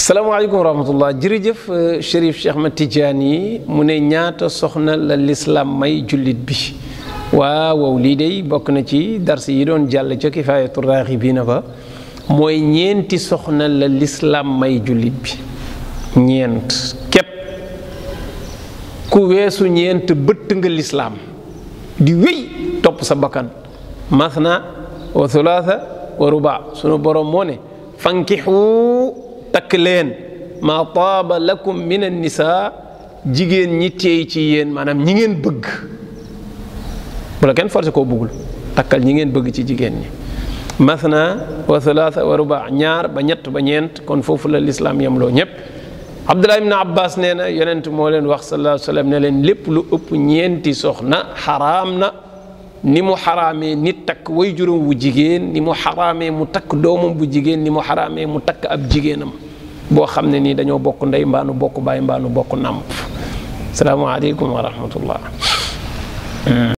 salaamaaleykum wa rahmatullah jërëjëf euh, Chérif Cheikh Ahmed Tidiane yi mu ne ñaata soxna la lislaam may jullit bi waaw lii de bokk na ci darsi yi doon jàll ca bii na ba mooy ñeenti soxna la lislaam may jullit bi ñeent képp ku weesu ñeent bëtt nga lislaam di wéy topp sa bakkan masna wa thulaatha wa rubaa sunu borom moo ne fankixu takk leen ma taaba lakum min nisa jigen ñi tey ci yeen manam ñi ngeen bëgg bu la kenn forcé ko bëggul takal ñi ngeen bëgg ci jigen ñi masna wa thalatha wa ruba ñaar ba ñett ba ñent kon fofu la yam lo ñep abdullah ibn abbas neena na yonent mo len wax sallallahu alayhi wasallam ne lip lepp lu upp ñenti soxna haramna, na ni mu harame, nit tak way juróom wu jigen ni mu harame, mu tak domum bu jigen ni mu harame, mu tak ab jigenam boo xam ne nii dañoo bokk ndey mbaanu bokk baay mbaanu bokk nàmp salaamaaleykum wa rahmatullah